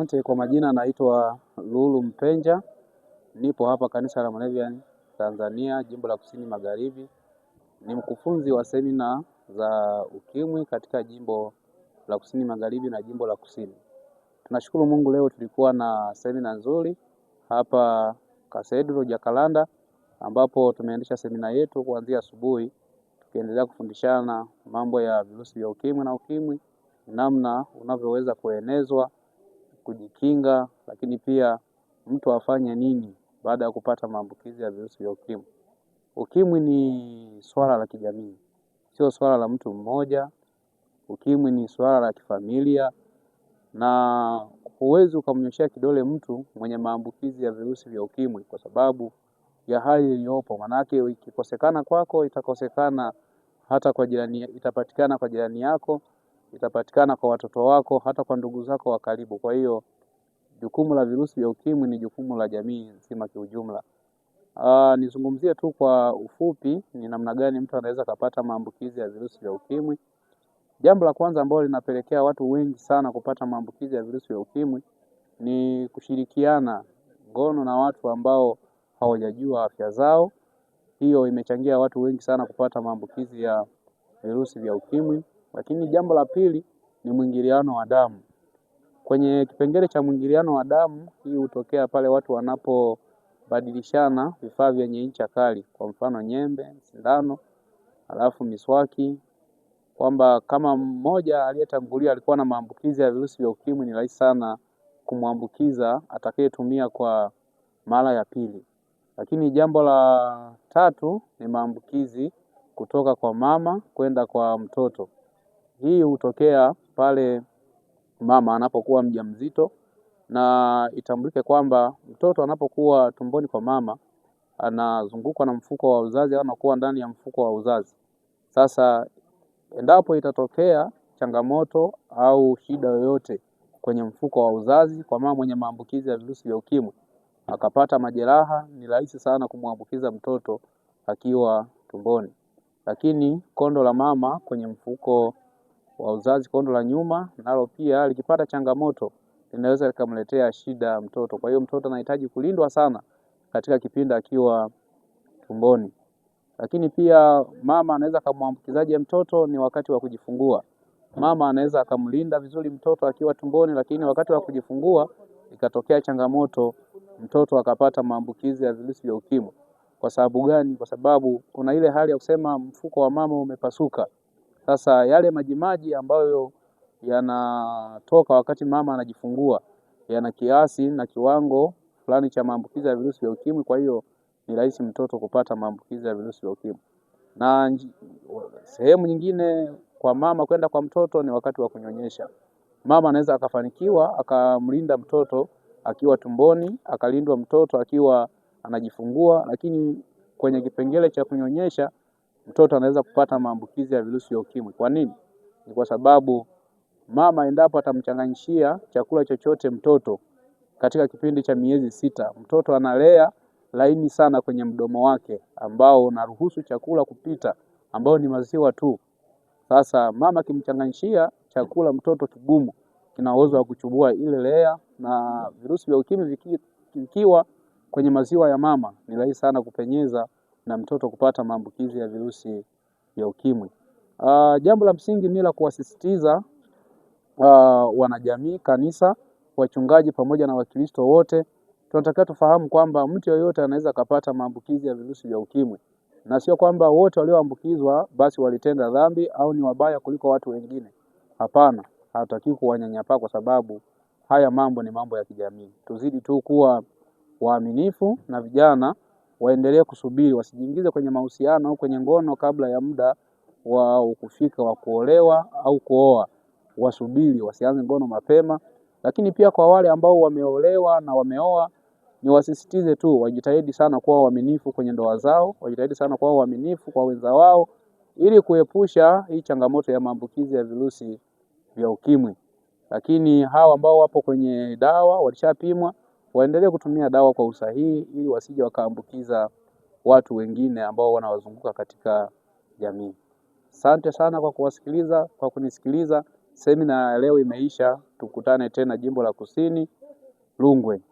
Asante kwa majina, naitwa Lulu Mpenja, nipo hapa kanisa la Moravian Tanzania, jimbo la Kusini Magharibi. Ni mkufunzi wa semina za ukimwi katika jimbo la Kusini Magharibi na jimbo la Kusini. Tunashukuru Mungu, leo tulikuwa na semina nzuri hapa Kasedro Jakalanda, ambapo tumeendesha semina yetu kuanzia asubuhi, tukiendelea kufundishana mambo ya virusi vya ukimwi na ukimwi, namna unavyoweza kuenezwa kujikinga, lakini pia mtu afanye nini baada ya kupata maambukizi ya virusi vya ukimwi. Ukimwi ni swala la kijamii, sio swala la mtu mmoja. Ukimwi ni swala la kifamilia, na huwezi ukamnyoshea kidole mtu mwenye maambukizi ya virusi vya ukimwi kwa sababu ya hali iliyopo. Maanake ikikosekana kwako, itakosekana hata kwa jirani, itapatikana kwa jirani yako itapatikana kwa watoto wako, hata kwa ndugu zako wa karibu. Kwa hiyo jukumu la virusi vya ukimwi ni jukumu la jamii nzima kiujumla. Uh, nizungumzie tu kwa ufupi ni namna gani mtu anaweza kupata maambukizi ya virusi vya ukimwi. Jambo la kwanza ambalo linapelekea watu wengi sana kupata maambukizi ya virusi vya ukimwi ni kushirikiana ngono na watu ambao hawajajua afya zao. Hiyo imechangia watu wengi sana kupata maambukizi ya virusi vya ukimwi. Lakini jambo la pili ni mwingiliano wa damu. Kwenye kipengele cha mwingiliano wa damu, hii hutokea pale watu wanapobadilishana vifaa vyenye ncha kali, kwa mfano nyembe, sindano, halafu miswaki, kwamba kama mmoja aliyetangulia alikuwa na maambukizi ya virusi vya ukimwi, ni rahisi sana kumwambukiza atakayetumia kwa mara ya pili. Lakini jambo la tatu ni maambukizi kutoka kwa mama kwenda kwa mtoto. Hii hutokea pale mama anapokuwa mjamzito, na itambulike kwamba mtoto anapokuwa tumboni kwa mama anazungukwa na mfuko wa uzazi au anakuwa ndani ya mfuko wa uzazi. Sasa endapo itatokea changamoto au shida yoyote kwenye mfuko wa uzazi kwa mama mwenye maambukizi ya virusi vya UKIMWI akapata majeraha, ni rahisi sana kumwambukiza mtoto akiwa tumboni. Lakini kondo la mama kwenye mfuko wa uzazi kondo la nyuma nalo pia likipata changamoto linaweza likamletea shida mtoto. Kwa hiyo mtoto anahitaji kulindwa sana katika kipindi akiwa tumboni. Lakini pia mama anaweza akamwambukizaje mtoto? Ni wakati wa kujifungua. Mama anaweza akamlinda vizuri mtoto akiwa tumboni, lakini wakati wa kujifungua ikatokea changamoto, mtoto akapata maambukizi ya virusi vya UKIMWI. Kwa sababu gani? Kwa sababu kuna ile hali ya kusema mfuko wa mama umepasuka. Sasa yale majimaji ambayo yanatoka wakati mama anajifungua yana kiasi na kiwango fulani cha maambukizi ya virusi vya ukimwi, kwa hiyo ni rahisi mtoto kupata maambukizi ya virusi vya ukimwi. Na sehemu nyingine kwa mama kwenda kwa mtoto ni wakati wa kunyonyesha. Mama anaweza akafanikiwa akamlinda mtoto akiwa tumboni, akalindwa mtoto akiwa anajifungua, lakini kwenye kipengele cha kunyonyesha mtoto anaweza kupata maambukizi ya virusi vya ukimwi. Kwa nini? Ni kwa sababu mama endapo atamchanganyishia chakula chochote mtoto katika kipindi cha miezi sita, mtoto analea laini sana kwenye mdomo wake ambao unaruhusu chakula kupita, ambao ni maziwa tu. Sasa mama akimchanganyishia chakula mtoto kigumu, kina uwezo wa kuchubua ile lea, na virusi vya ukimwi vikiwa kwenye maziwa ya mama, ni rahisi sana kupenyeza na mtoto kupata maambukizi ya virusi vya ukimwi. Uh, jambo la msingi ni la kuwasisitiza uh, wanajamii, kanisa, wachungaji pamoja na Wakristo wote tunatakiwa tufahamu kwamba mtu yeyote anaweza akapata maambukizi ya virusi vya ukimwi, na sio kwamba wote walioambukizwa basi walitenda dhambi au ni wabaya kuliko watu wengine. Hapana, hatutaki kuwanyanyapaa kwa sababu haya mambo ni mambo ya kijamii. Tuzidi tu kuwa waaminifu na vijana waendelee kusubiri, wasijiingize kwenye mahusiano au kwenye ngono kabla ya muda wao kufika wa kuolewa au kuoa. Wasubiri, wasianze ngono mapema. Lakini pia kwa wale ambao wameolewa na wameoa, ni wasisitize tu wajitahidi sana kuwa waaminifu kwenye ndoa zao, wajitahidi sana kuwa waaminifu kwa wenza wao ili kuepusha hii changamoto ya maambukizi ya virusi vya ukimwi. Lakini hawa ambao wapo kwenye dawa walishapimwa, waendelee kutumia dawa kwa usahihi ili wasije wakaambukiza watu wengine ambao wanawazunguka katika jamii. Asante sana kwa kuwasikiliza, kwa kunisikiliza. Semina ya leo imeisha. Tukutane tena jimbo la Kusini lungwe